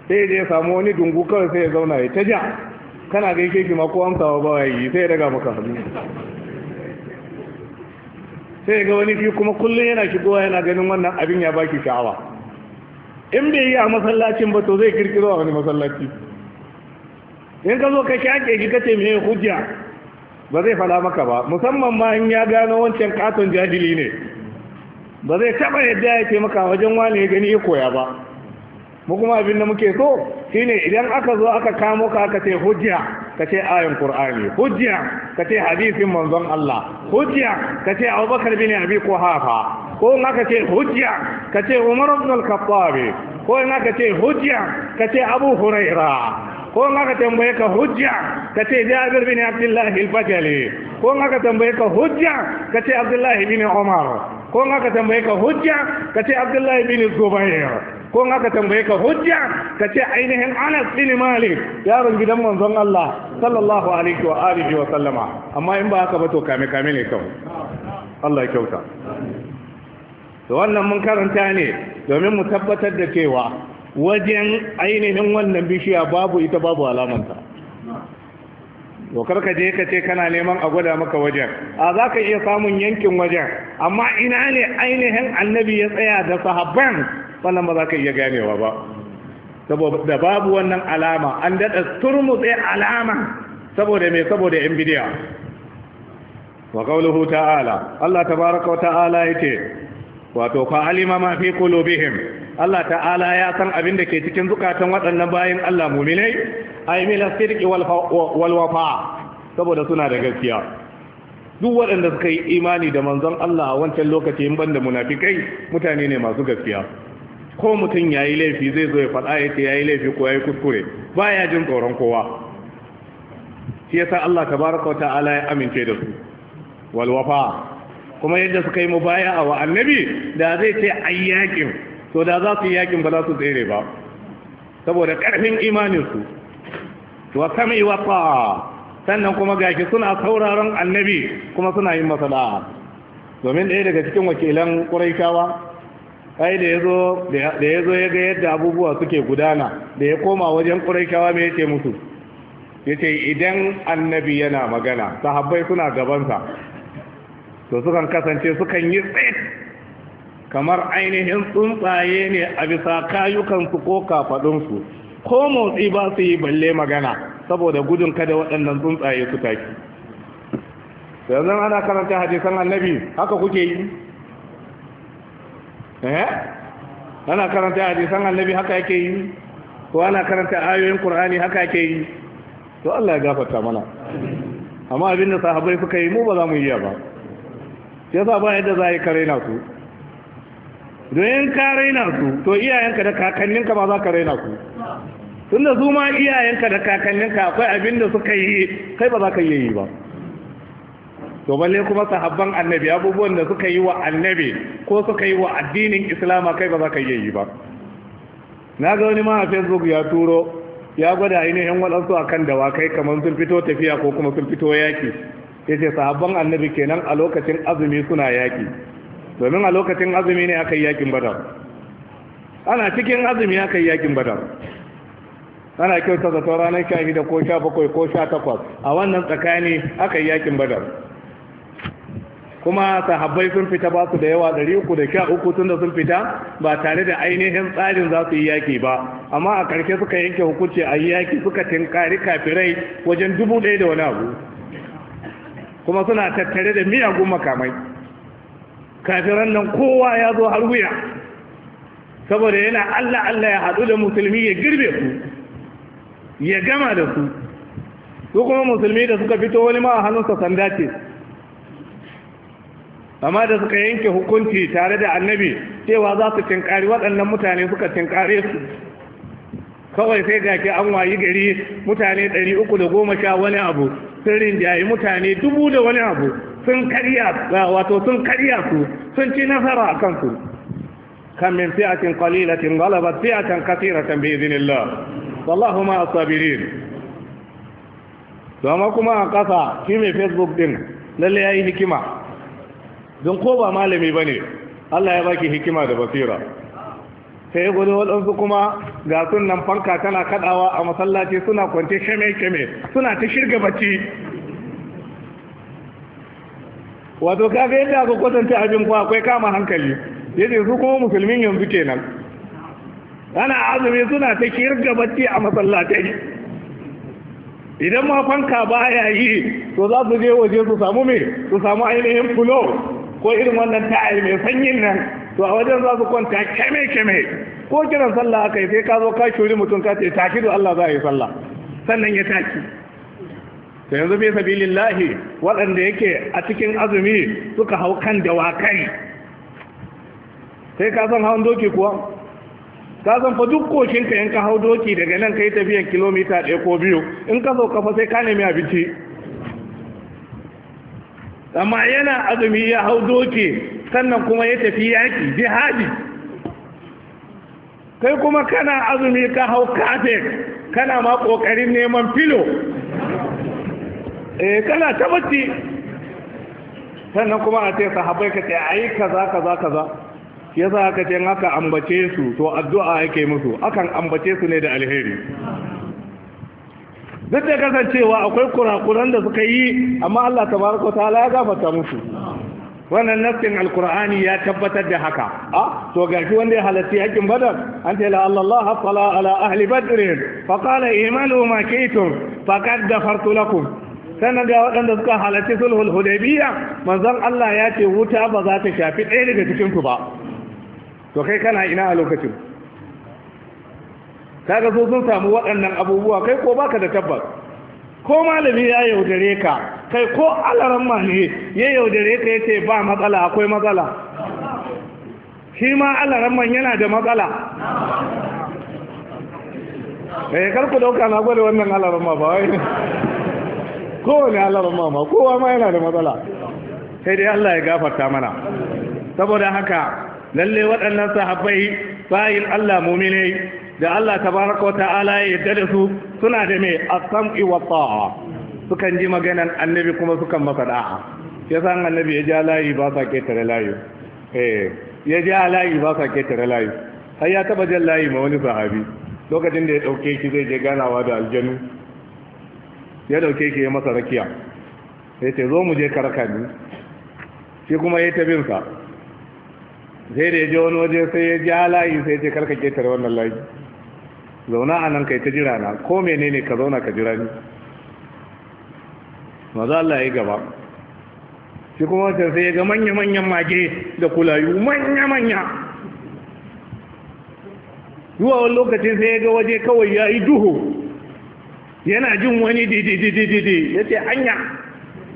sai ya samu wani dungu kawai sai ya zauna ya ta ja kana ga yake ma ko wa bawa yi sai ya daga maka hannu sai ga wani fi kuma kullum yana shigowa yana ganin wannan abin ya baki sha'awa in bai yi a masallacin ba to zai kirkiro a wani masallaci in ka zo ka shaƙe shi ka ce me hujja ba zai fada maka ba musamman ma in ya gano wancan katon jahili ne ba zai taɓa yadda ya ce maka wajen wani ya gani ya koya ba mu kuma abin da muke so shine idan aka zo aka kamo ka aka ce hujja ka ce ayan qur'ani hujja ka ce hadisin manzon Allah hujja ka ce Abubakar bin Abi Quhafa ko in aka ce hujja ka ce Umar ibn al-Khattab ko in aka ce hujja ka ce Abu Huraira ko in aka tambaye ka hujja ka ce Jabir bin Abdullah al-Bajali ko in aka tambaye ka hujja ka ce Abdullah bin Umar ko in aka tambaye ka hujja ka ce Abdullah bin Zubair ko in aka tambaye ka hujja ka ce ainihin Anas bin Malik yaron gidan manzon Allah sallallahu alaihi wa alihi wa sallama amma in ba haka ba to kame kame ne kawai Allah ya kyauta to wannan mun karanta ne domin mu tabbatar da cewa wajen ainihin wannan bishiya babu ita babu alamanta kar ka je ka ce kana neman a gwada maka wajen a za ka iya samun yankin wajen amma ina ne ainihin annabi ya tsaya da sahabban wannan ba za ka iya ganewa ba saboda babu wannan alama an daɗa turmutse alama saboda mai saboda yan bidiya wa qawluhu ta'ala Allah ta baraka wa ta'ala ce. wato fa alima ma fi qulubihim Allah ta'ala ya san abin da ke cikin zukatan waɗannan bayan Allah muminai minai. A as-sidqi wal walwafa saboda suna da gaskiya duk waɗanda suka yi imani da manzon Allah a wancan lokaci in banda munafikai mutane ne masu gaskiya ko mutum ya yi laifi zai zo ya faɗa ya ce ya yi laifi ko ya yi kuskure ba ya jin tsoron kowa shi ya sa Allah tabaraka wa ta'ala ya amince da su walwafa kuma yadda suka yi mubaya wa annabi da zai ce ai yakin to da za su yi yakin ba za su tsere ba saboda karfin imaninsu wa sami wa sannan kuma gashi suna sauraron annabi kuma suna yin masala domin ɗaya daga cikin wakilan ƙuraikawa ai da yazo da yazo ya ga yadda abubuwa suke gudana da ya koma wajen quraishawa me yace musu yace idan annabi yana magana sahabbai suna gabansa to sukan kasance sukan yi tsaye. kamar ainihin tsuntsaye ne a bisa kayukansu ko kafaɗunsu ko motsi ba su yi balle magana saboda gudun kada waɗannan tsuntsaye su taki yanzu ana karanta hadisan annabi haka kuke yi eh ana karanta hadisan annabi haka yake yi ko ana karanta ayoyin qur'ani haka yake yi to Allah ya gafarta mana amma abin da sahabbai suka yi mu ba za mu yi ba sa ba yadda za yi na su don in ka raina su to iyayenka da kakanninka ba za ka raina su tunda su ma iyayenka da kakanninka akwai abin da suka yi kai ba za ka yi ba to balle kuma sahabban annabi abubuwan da suka yi wa annabi ko suka yi wa addinin islama kai ba za ka yi ba na ga wani ma a facebook ya turo ya gwada ainihin waɗansu a kan dawakai kamar sun fito tafiya ko kuma sun fito yaƙi ya ce sahabban annabi kenan a lokacin azumi suna yaƙi domin a lokacin azumi ne aka yi yaƙin badar ana cikin azumi aka yi yaƙin badar ana kyauta zato ranar sha shida ko sha bakwai ko sha takwas a wannan tsakani aka yi yaƙin badar kuma sahabbai sun fita ba su da yawa ɗari uku da sha uku tun da sun fita ba tare da ainihin tsarin za su yi yaƙi ba amma a ƙarshe suka yanke hukunci a yi yaƙi suka tinkari kafirai wajen dubu ɗaya da wani abu kuma suna tattare da miyagun makamai kafiran nan kowa ya zo har wuya saboda yana allah allah ya haɗu da musulmi ya girbe su ya gama da su su kuma musulmi da suka fito wani ma a hannunsa sanda ce amma da suka yanke hukunci tare da annabi cewa za su tinkari waɗannan mutane suka tinkare su kawai sai ga ke an wayi gari mutane ɗari uku da goma sha wani abu sun rinjaye mutane dubu da wani abu sun karya wato sun karya su sun ci nasara a kansu kan min fi'atin qalilatin ghalabat fi'atan kathiratan bi idhnillah wallahu ma a sabirin to amma kuma a kasa shi mai facebook din lalle yayi hikima don ko ba malami ba ne Allah ya baki hikima da basira sai ya gudu waɗansu kuma ga nan fanka tana kaɗawa a masallaci suna kwance shame-shame suna ta shirga bacci wato kaga yadda aka kwatanta abin kuwa akwai kama hankali yadda su kuma musulmin yanzu kenan ana azumi suna ta shirga bacci a masallatai idan ma fanka ba ya yi to za su je waje su samu me su samu ainihin fulo ko irin wannan ta'ayi mai sanyin nan to a wajen za su kwanta keme keme ko kiran sallah aka yi sai ka zo ka shuri mutum ka ce tafi da Allah za a yi sallah sannan ya taki to yanzu bai sabi lillahi waɗanda yake a cikin azumi suka hau kan dawakai sai ka san hawan doki kuwa ka san fa duk kokinka ka hau doki daga nan kai tafiyan kilomita ɗaya ko biyu in ka zo kafa sai ka nemi abinci amma yana azumi ya hau doke sannan kuma ya tafi yaki, jihadi kai kuma kana azumi ka hau kafet kana ma ƙoƙarin neman filo eh kana tabbaci sannan kuma a ce sahabbai ka ce ai kaza kaza kaza yasa aka ce haka ambace su to addu'a yake musu akan ambace su ne da alheri duk da kasancewa akwai kurakuran da suka yi amma Allah ta ta'ala ya gafarta musu wannan nassin alkur'ani ya tabbatar da haka a to gashi wanda ya halarci hakin badar an ce la Allah sala ala ahli badr fa qala imalu ma kaytum faqad ghafartu lakum sannan ga waɗanda suka halarci sulhul hudaybiyya manzon Allah ya ce wuta ba za ta shafi ɗaya daga cikin ku ba to kai kana ina a lokacin kaga so sun samu waɗannan abubuwa kai ko baka da tabbas ko malami ya yaudare ka kai ko alaramma ne ya yaudare ka ya ce ba matsala akwai matsala shi ma alaramma yana da matsala eh karku dauka na gwada wannan alaramma ba wai kowane alaramma ma kowa ma yana da matsala sai dai Allah ya gafarta mana saboda haka lalle waɗannan sahabbai bayin Allah muminai da Allah tabaraka wa ta'ala ya yarda da su suna da mai as-sam'i wa ta'a sukan ji maganan annabi kuma sukan masa da'a san annabi ya ja layi ba sa ketare layi eh ya ja layi ba sa ketare layi har ya taba jan layi ma wani sahabi lokacin da ya dauke shi zai je ganawa da aljanu ya dauke shi ya masa rakiya ya ce zo mu je karaka ni shi kuma ya tabin sa sai da ya je wani waje sai ya ja layi sai ya ce karka ketare wannan layi zauna a nan kai ta jira na ko menene ka zauna ka jira ni maza Allah ya gaba shi kuma wancan sai ya ga manya-manyan mage da kulayu manya-manya zuwa wani lokacin sai ya ga waje kawai ya yi duhu yana jin wani dididididi ya ce anya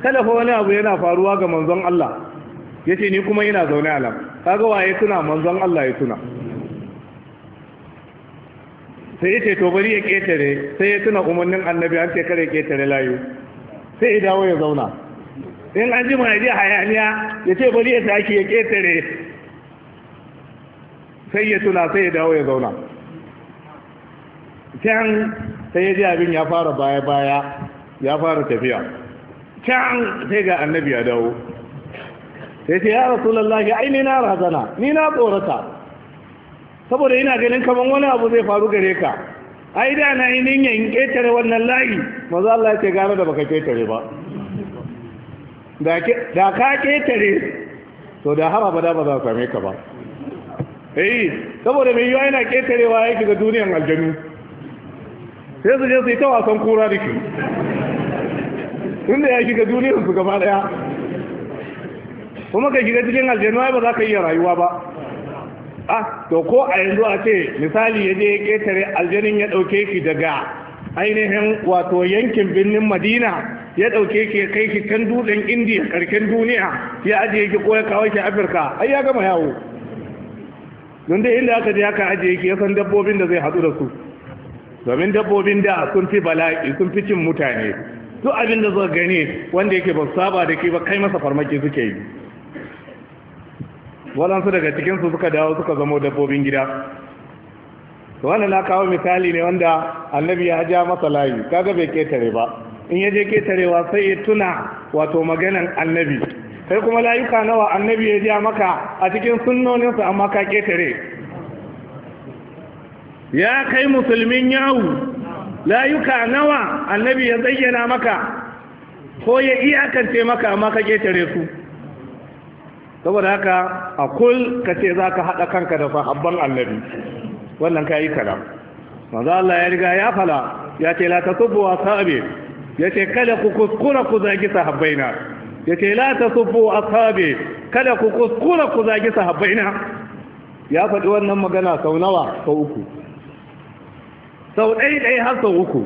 talafa wani abu yana faruwa ga manzon Allah ya ce ni kuma yana zaune a nan kaga waye tuna manzon Allah ya tuna sai ce to bari ya ketare sai ya tuna umarnin annabi an ce kare ketare layu sai ya dawo ya zauna in an ji mai ji hayaniya ya ce bari ya sake ya ketare sai ya tuna sai ya dawo ya zauna can sai ya ji abin ya fara baya-baya ya fara tafiya can sai ga annabi ya dawo sai ce ya rasu lallahi ai ni na razana ni na tsorata saboda ina ganin kamar wani abu zai faru gare ka ai da na yi in ketare wannan layi maza Allah ce gane da baka ketare ba da ka ketare to da har abada ba za ka same ka ba eh saboda mai yiwa yana ketarewa ya shiga duniyan aljanu sai su je su yi ta wasan kura da ke? inda ya shiga duniyan su gaba daya kuma ka shiga cikin aljanu ba za ka iya rayuwa ba ah to ko a yanzu a ce misali ya je ya ketare aljanin ya ɗauke ki daga ainihin wato yankin birnin madina ya ɗauke ki ya kai ki can dutsen indiya karken duniya ya ajiye ki ko ya kawo ki afirka ai ya gama yawo don dai inda aka je aka ajiye ki ya san dabbobin da zai haɗu da su domin dabbobin da sun fi bala'i sun fi cin mutane duk abin da zai gani wanda yake ba saba da ke ba kai masa farmaki suke yi waɗansu daga cikinsu suka dawo suka zama dabbobin gida wannan na kawo misali ne wanda annabi ya ja masa layi kaga bai ketare ba in ya je ketarewa sai ya tuna wato maganan annabi sai kuma layuka nawa annabi ya ja maka a cikin sunnoninsa amma ka ketare ya kai musulmin yawu layuka nawa annabi ya zayyana maka ko ya iyakance maka amma ka ketare su saboda haka a kul ka ce za ka haɗa kanka da sahabban annabi wannan ka yi kalam manzo Allah ya riga ya fala ya ce la tasubbu ashabi ya ce kada ku kuskura ku zagi sahabbaina ya ce la tasubbu ashabi kada ku kuskura ku zagi sahabbaina ya faɗi wannan magana sau nawa sau uku sau ɗai ɗai har sau uku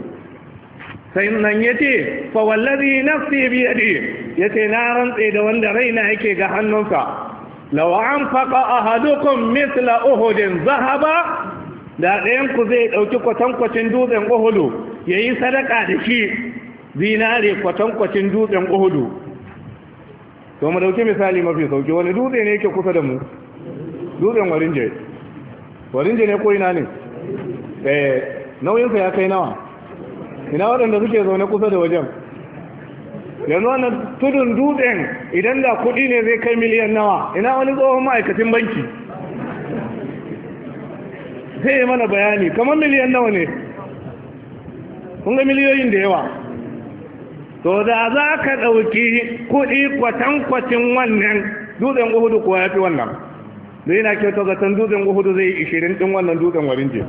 sai nan ya ce fa na fi bi ya ce na rantse da wanda raina yake ga hannunsa law anfaqa ahadukum mithla uhudin zahaba da ɗayan ku zai ɗauki kwatankwacin dutsen uhudu ya yi sadaka da shi zinare kwatankwacin dutsen uhudu to mu ɗauki misali mafi sauki wani dutse ne yake kusa da mu dutsen warinje warinje ne ko ina ne eh, nauyinsa ya kai nawa ina waɗanda suke zaune kusa da wajen yanzu wannan tudun dutsen idan da kuɗi ne zai kai miliyan nawa ina wani tsohon ma'aikacin banki Zai yi mana bayani kamar miliyan nawa ne kun ga miliyoyin da yawa to da za ka ɗauki kuɗi kwatankwacin wannan dutsen uhudu kuwa ya fi wannan zai na kyautar zaton dutsen uhudu zai yi ishirin ɗin wannan dutsen warin je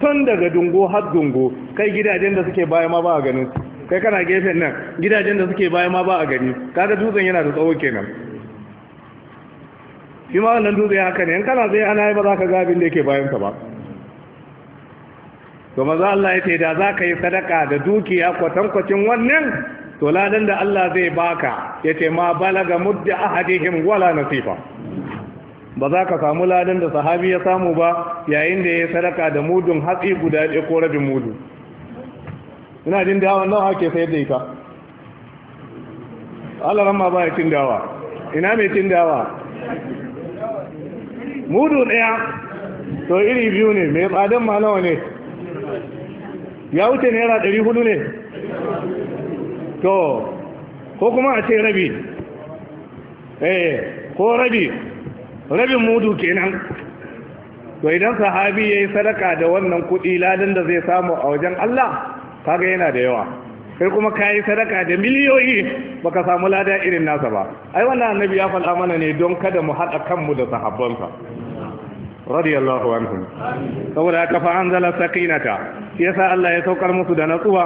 tun daga dungo har dungo kai gidajen da suke baya ma ba a ganin kai kana gefen nan gidajen da suke baya ma ba a gani kaga dutsen yana da tsawo kenan shi ma wannan dutse haka ne in kana zai ana yi ba za ka ga abin da yake bayan ta ba to maza Allah ya ce da za ka yi sadaka da dukiya kwatankwacin wannan to ladan da Allah zai baka ya ce ma balaga mudda ahadihim wala nasifa ba za ka samu ladan da sahabi ya samu ba yayin da ya sadaka da mudun hatsi guda ɗaya ko rabin mudu ina jin dawa nawa hake sai da ita Allah ramma ba ya cin dawa ina mai cin dawa mudu ɗaya to iri biyu ne mai tsadan ma nawa ne ya wuce naira ɗari hudu ne to ko kuma a ce rabi eh ko rabi rabin mudu kenan to idan sahabi yayi sadaka da wannan kuɗi ladan da zai samu a wajen Allah kaga yana da yawa kai kuma kayi sadaka da miliyoyi baka samu lada irin nasa ba ai wannan annabi ya faɗa mana ne don kada mu haɗa kanmu da sahabbansa radiyallahu anhum saboda haka fa anzala sakinata yasa Allah ya saukar musu da natsuwa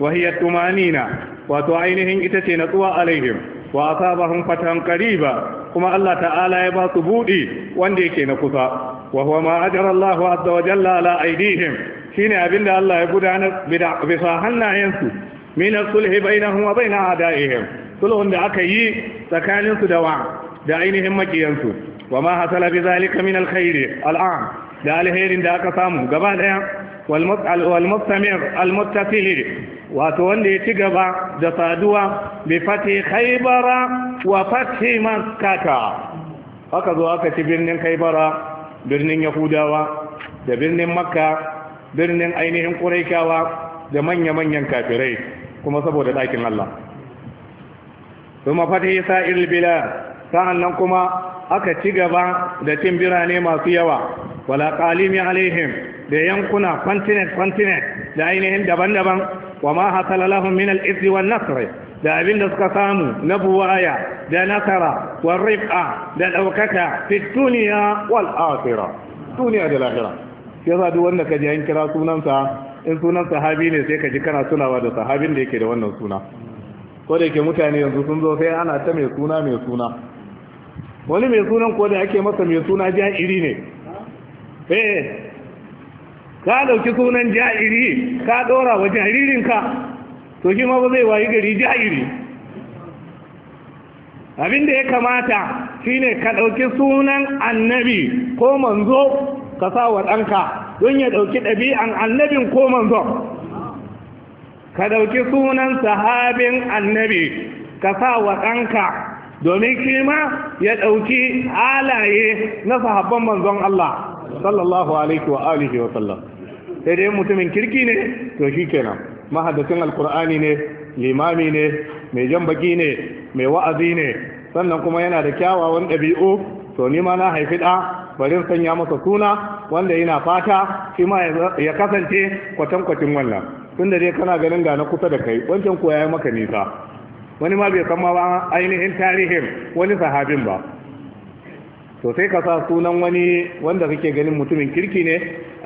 wa hiya tumanina wato ainihin ita ce natsuwa alaihim wa asabahum fatan qariba kuma Allah ta'ala ya ba su buɗi wanda yake na kusa wa huwa ma ajara Allahu azza wa jalla ala aidihim shine abinda Allah ya gudanar bisa hannayensu min sulhi bainahum wa bain a'daihim sulhun da aka yi tsakaninsu da wa da ainihin makiyansu wa ma hasala bi zalika min alkhairi al'am da alherin da aka samu gaba daya والمستمر المتصل وتوند يتجب دصادوا بفتح خيبر وفتح مكة هكذا وقت برن خيبر برن يهودا برن مكة برن أينهم قريكا da manya-manyan kafirai kuma saboda ɗakin Allah. Suma fatih sa'ir bila sa'annan kuma aka ci gaba da cin birane masu yawa, wala ƙalimi alaihim da yankuna continent continent da ainihin daban-daban wa ma hasala lahum min al-izzi wan nasr da abin da suka samu na buwaya da nasara wa rif'a da daukaka fi dunya wal akhirah duniya da lahira yasa duk wanda kaji an kira sunansa in sunan sahabi ne sai ka ji kana tunawa da sahabin da yake da wannan suna ko da yake mutane yanzu sun zo sai ana ta mai suna mai suna wani mai sunan ko da ake masa mai suna ja'iri ne eh ka dauki sunan ja'iri ka dora wa jaririnka to shi ma ba zai wayi gari ja'iri abin da ya kamata shine ka dauki sunan annabi ko manzo ka sa wa ɗanka don ya dauki ɗabi'an annabin ko manzo ka dauki sunan sahabin annabi ka sa wa ɗanka domin kima ya ɗauki halaye na sahabban manzon Allah sallallahu alaihi wa alihi wa sallam sai dai mutumin kirki ne to shi kenan mahadacin alkur'ani ne limami ne mai jan baki ne mai wa'azi ne sannan kuma yana da kyawawan ɗabi'u to ni ma na haifi ɗa bari sanya masa suna wanda yana fata shi ma ya kasance kwatankwacin wannan tunda dai kana ganin ga na kusa da kai wancan ko ya yi maka nisa wani ma bai san ma ba ainihin tarihin wani sahabin ba to sai ka sa sunan wani wanda kake ganin mutumin kirki ne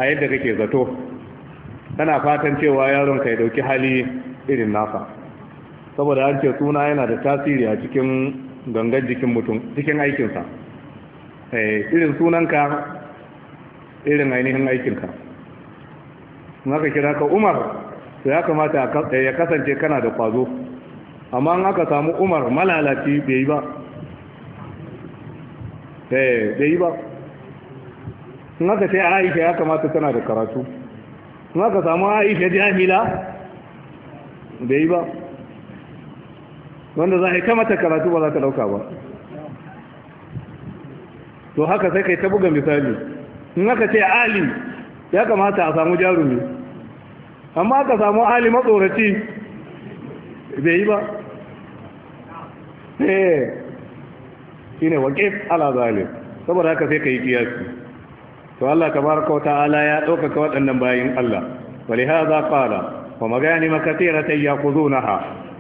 a yadda kake zato kana fatan cewa yaron ka ya dauki hali irin nasa saboda an ce suna yana da tasiri a cikin gangan jikin mutum cikin aikinsa eh, irin sunanka irin ainihin aikinka in aka kira ka umar to ya kamata ya kasance kana da kwazo amma in aka samu umar malalaci bai yi ba eh bai yi ba in aka sai aisha ya kamata tana da karatu in aka samu aisha jahila bai yi ba wanda za a yi kamata karatu ba za ta dauka ba to haka sai kai ta buga misali in aka ce ali ya kamata a samu jarumi amma aka samu ali matsoraci bai yi ba eh shine waqif ala zalim saboda haka sai kai kiyasi to Allah tabaraka wa ala ya ɗaukaka waɗannan bayin Allah walihaza qala wa maganim katiratan ya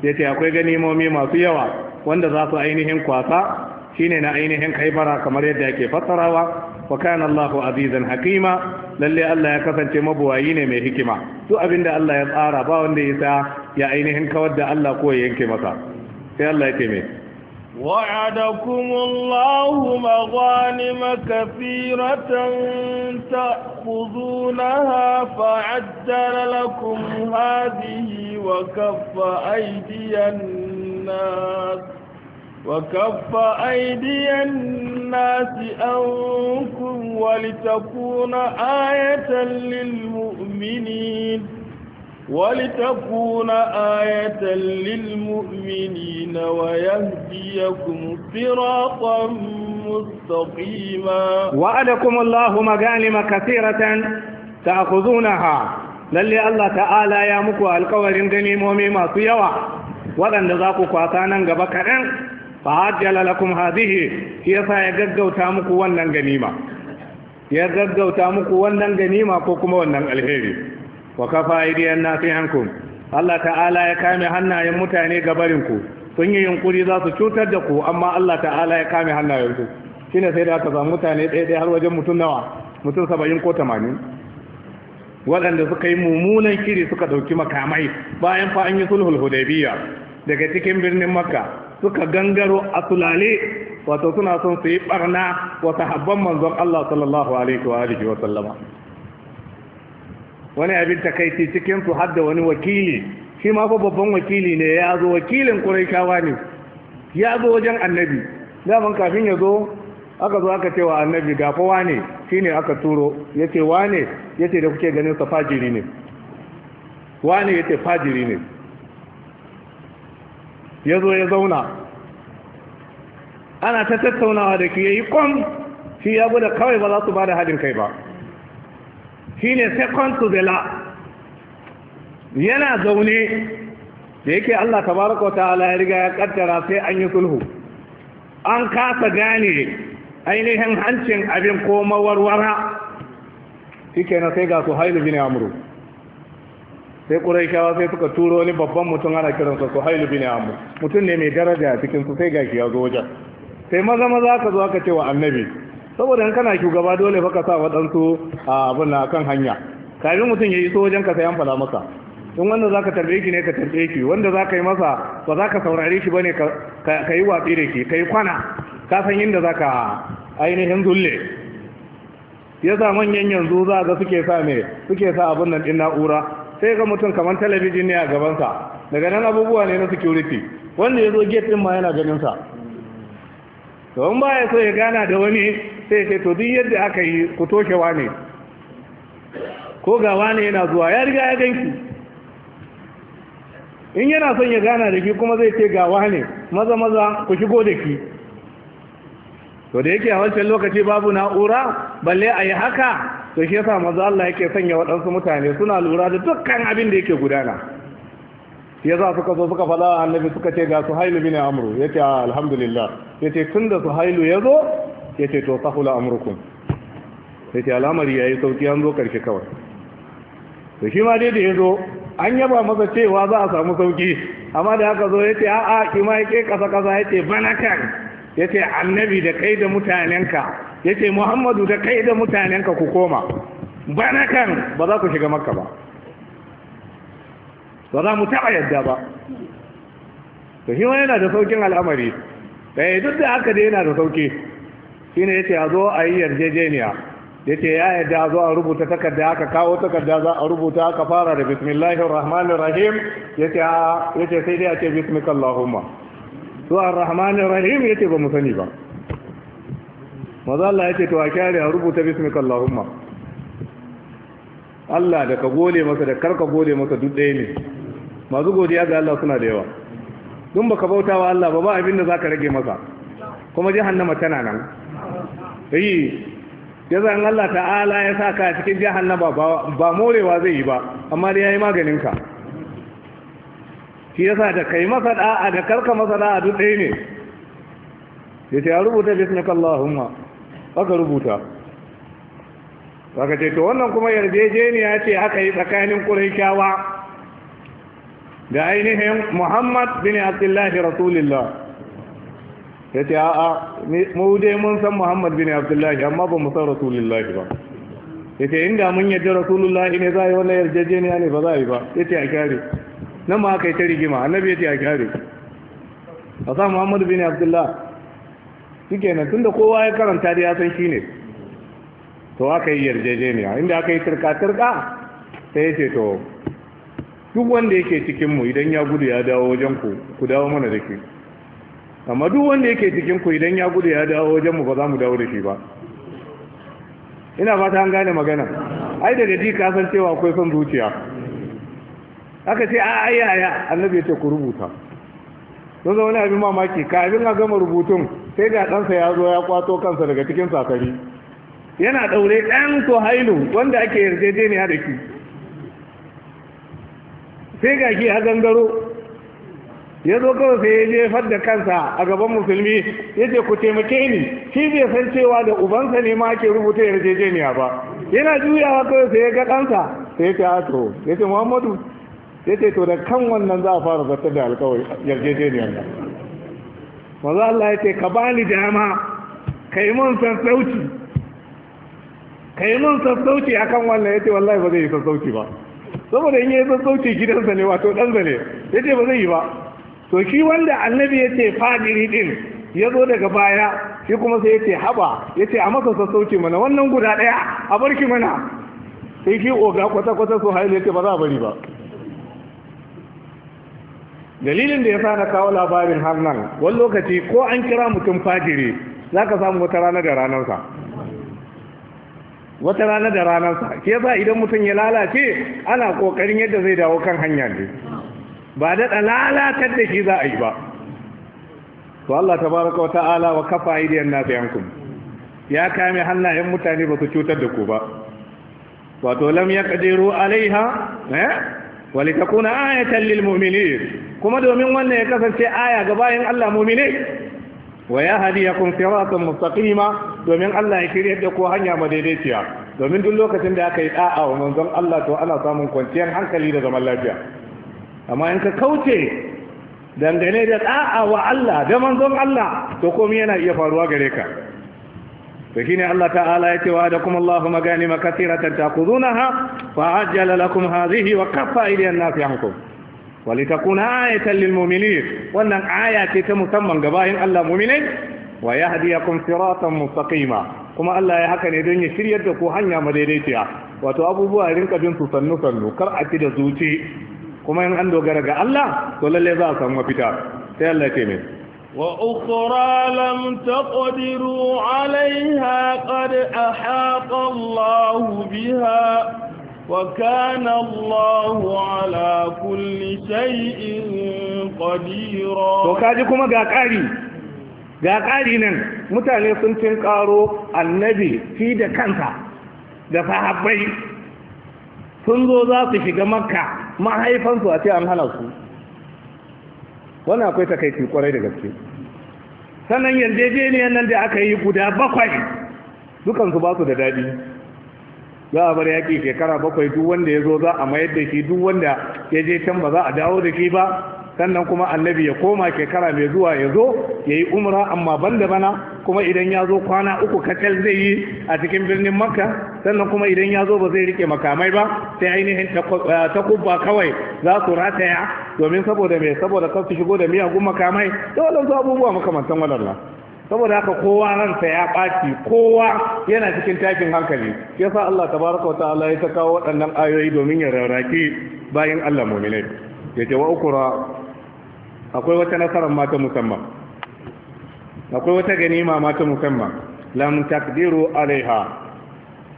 yace akwai ganimomi masu yawa wanda za su ainihin kwasa shine na ainihin kaifara kamar yadda ake fassarawa wa kana Allahu azizan hakima lalle Allah ya kasance mabuwayi ne mai hikima abin abinda Allah ya tsara ba wanda ya sa ya ainihin kawar da Allah ko ya yanke masa sai Allah ya ce mai وعدكم الله مغانم كثيرة تأخذونها فعجل لكم هذه وكف أيدي الناس وكف أيدي الناس أنكم ولتكون آية للمؤمنين ولتكون آية للمؤمنين ويهديكم صراطا مستقيما وعدكم الله مغانم كثيرة تأخذونها للي الله تعالى يا مكو القول غنيمومي ما سيوا ولن ذاقوا قاتانا غبا كدن فعجل لكم هذه هي يا gaggauta muku wannan ganima ya gaggauta muku wannan ganima ko kuma wannan alheri wa kafa aidiyan nasi hankum Allah ta'ala ya kame hannayen mutane ku sun yi yunkuri za su cutar da ku amma Allah ta'ala ya kame ku shine sai da aka samu mutane ɗaya ɗaya har wajen mutum nawa mutum saba'in ko tamanin waɗanda suka yi mummunan shiri suka ɗauki makamai bayan fa an yi sulhul hudaybiya daga cikin birnin makka suka gangaro a sulale wato suna son su yi barna wa sahabban manzon Allah sallallahu alaihi wa alihi wa sallama wani abin takaici cikin su har da wani wakili shi ma fa babban wakili ne ya zo wakilin quraishawa ne ya zo wajen annabi daman kafin ya zo aka zo aka cewa annabi ga fa wane shine aka turo yace wane yace da kuke ganin sa fajiri ne wane yace fajiri ne ya zo ya zauna ana ta tattaunawa da ke yi kwam shi ya gwada kawai ba za su ba da haɗin kai ba shine second to the last yana zaune da yake Allah tabaraka wa ta'ala ya riga ya kaddara sai an yi sulhu an kasa gane ainihin hancin abin ko mawarwara shike na sai ga su hailu bin amru sai ƙuraishawa sai suka turo wani babban mutum ana kiransa su hailu bin amru mutum ne mai daraja a cikin su sai shi ya zo wajen sai maza maza ka zo ka ce wa annabi saboda in kana shugaba dole fa ka sa waɗansu abin na kan hanya kafin mutum ya iso wajen ka sayan fada masa in wanda za ka tarbe ne ka tarbe shi wanda za ka yi masa ba za ka saurare shi ba ne ka yi watsi da ke ka yi kwana ka san inda za ka ainihin zulle ya sa manyan yanzu za ga suke sa me suke sa abin nan din na'ura sai ga mutum kamar talabijin ne a gabansa daga nan abubuwa ne na security wanda ya zo gate ɗin ma yana ganin sa to ba baya so ya gana da wani sai ce to duk yadda aka yi ku toshe wane ko ga wane yana zuwa ya riga ya ganki in yana son ya gana da ki kuma zai ce ga wane maza maza ku shigo da ki to da yake a wancan lokaci babu na'ura balle a yi haka to shi yasa maza Allah yake sanya waɗansu mutane suna lura da dukkan abin da yake gudana ya za suka zo suka faɗa annabi suka ce ga hailu bin amru ya ce ah, alhamdulillah ya ce tun da hailu ya zo ya ce to sahula amurkun ya ce alamari ya yi sauki an zo karshe kawai da shi ma dai da ya zo an yaba masa cewa za a samu sauki amma da aka zo ya ce a'a ki ma ke kasa kasa ya ce bana kan ya ce annabi da kai da mutanenka ya ce muhammadu da kai da mutanenka ku koma bana kan ba za ku shiga makka ba ba za mu taɓa yadda ba to shi yana da saukin al'amari ɗaya eh, duk da haka da yana da sauki shi ne ya ce a zo a yi yarjejeniya ya ce ya yadda a zo a rubuta takarda aka kawo takarda za a rubuta aka fara da bismillahir rahmanir rahim ya ce sai dai a ce su zuwa rahmanir rahim ya ce ba mu sani ba maza Allah ya ce to a kyare a rubuta bismikallahumma Allah da ka gode masa da karka gode masa duk ɗaya ne masu godiya ga Allah suna da yawa don baka bauta wa Allah ba ba abin da zaka rage masa kuma jahannama tana nan yi yaza in Allah ta'ala ya saka a cikin jahannama ba morewa zai yi ba amma dai yayi maganin ka shi yasa da kai masa da'a da karka masa da'a duk ɗaya ne yace ya rubuta bismika Allahumma aka rubuta aka ce to wannan kuma yarjejeniya ce aka yi tsakanin Qurayshawa ga ainihin muhammad bin abdullahi rasulillah ya ce a'a mu dai mun san muhammad bin abdullahi amma ba mu san rasulullah ba ya ce inda mun yadda rasulullah ne za a yi wannan yarjejeniya ne ba za a yi ba ya ce a kyare nan ma aka yi ta rigima annabi ya ce a kyare a sa muhammad bin abdullahi shi kenan tun da kowa ya karanta da ya san shi ne to aka yi yarjejeniya inda aka yi turka-turka sai ya ce to duk wanda yake cikinmu idan ya gudu ya dawo wajen ku ku dawo mana da ke amma duk wanda yake cikin ku idan ya gudu ya dawo wajen mu ba za mu dawo da shi ba ina fata an gane magana ai daga ji ka san cewa akwai son zuciya aka ce a ayyaya. aya annabi ya ce ku rubuta don zama wani abin mamaki kafin a gama rubutun sai ga ɗansa ya zo ya kwato kansa daga cikin sakari yana ɗaure ɗan tohailu wanda ake yarjejeniya da shi sai ga shi ya gangaro ya zo kawai sai ya jefar da kansa a gaban musulmi ya ce ku taimake ni shi bai san cewa da ubansa ne ma ake rubuta yarjejeniya ba yana juyawa kawai sai ya ga kansa sai ya ce ah, to ya ce muhammadu ya ce to da kan wannan za a fara zartar da alkawai yarjejeniyar da maza Allah ya ce ka bani dama ka yi mun sassauci ka yi mun sassauci akan wannan ya ce wallahi ba zai yi sassauci ba saboda in yi sassauci gidansa ne wato ɗansa ne ya ce ba zai yi ba to shi wanda annabi ya ce fadiri ɗin ya zo daga baya shi kuma sai ya ce haba ya ce a masa sassauci mana wannan guda ɗaya a barki mana sai shi oga kwata-kwata su hailu ya ce ba za a bari ba dalilin da ya sa na kawo labarin har nan wani lokaci ko an kira mutum fadiri za ka samu wata rana da ranarsa wata rana da ranarsa ke yasa idan mutum ya lalace ana kokarin yadda zai dawo kan hanya ne ba daɗa lalatar da shi za a yi ba to Allah tabaraka ala wa kafa aidiyan nasu ya kame hannayen mutane ba su cutar da ku ba wato lam yaqdiru alaiha eh wali takuna ayatan lil mu'minin kuma domin wannan ya kasance aya ga bayan Allah mumini wa yahdiyakum siratan mustaqima domin Allah ya shirya da ko hanya ma madaidaiciya domin duk lokacin da aka yi da'a wa manzon Allah to ana samun kwanciyar hankali da zaman lafiya amma in ka kauce dangane da da'a wa Allah da manzon Allah to komai yana iya faruwa gare ka to shine Allah ta'ala ya ce wa hadakum Allahu maganima katiratan taqudunaha fa ajjala lakum hadhihi wa kaffa ilayhi an ankum walitakuna ayatan lilmu'minin wannan aya ce ta musamman bayin Allah mu'minai wa yahdiyakum siratan mustaqima kuma Allah ya haka ne don ya shiryar da ku hanya madaidaiciya wato abubuwa rinka bin su sannu sannu kar a ci da zuci kuma in an dogara ga Allah to lalle za a samu mafita sai Allah ya ce mai وأخرى لم تقدروا عليها قد أحاط الله بها وكان الله على كل شيء قديرا وكاجكم قاقاري ga ƙari nan mutane sun cin ƙaro annabi fi da kansa da sahabbai sun zo za su shiga makka mahaifansu a ce an hana su wani akwai kai kwarai da gaske sannan ne nan da aka yi guda bakwai dukansu ba su da daɗi za a bar yaƙi shekara bakwai duk wanda ya zo za a mayar da shi duk wanda ya je can ba za a dawo da shi ba sannan kuma annabi ya koma shekara mai zuwa ya zo ya yi umra amma ban da bana kuma idan ya zo kwana uku kacal zai yi a cikin birnin makka sannan kuma idan ya zo ba zai rike makamai ba sai ainihin eh, takubba kawai za su rataya domin saboda mai saboda kan shigo da miyagun makamai da waɗansu abubuwa makamantan waɗannan saboda haka kowa ransa ya ɓaci kowa yana cikin takin hankali ya sa Allah tabaraka wa ta'ala ya ta kawo waɗannan ayoyi domin ya rarraki bayan Allah mu'minai ya ce wa ukura akwai wata nasarar mata musamman akwai wata ganima mata musamman lam takdiru alaiha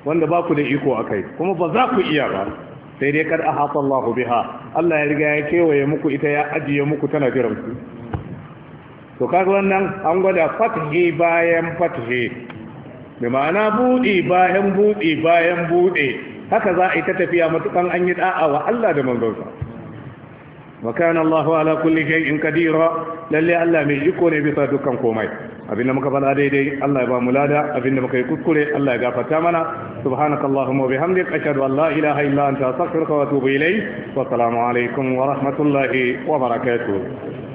wanda ba ku da iko akai kuma ba za ku iya ba sai dai kar ahata Allah biha Allah ya riga ya kewaye muku ita ya ajiye muku tana jiran ku to kaga wannan an gwada fathi bayan fathi bi ma'ana budi bayan budi bayan bude haka za a yi ta tafiya matukan an yi da'awa wa Allah da manzonsa wa kana Allahu ala kulli shay'in qadira lalle Allah mai iko ne bisa dukkan komai abin da muka bala daidai Allah ya mu lada abin da muka yi kuskure Allah ya fata mana subhanakallahumma wa bihamdik ashhadu an la ilaha illa anta astaghfiruka wa atubu ilayk wa assalamu wa rahmatullahi wa barakatuh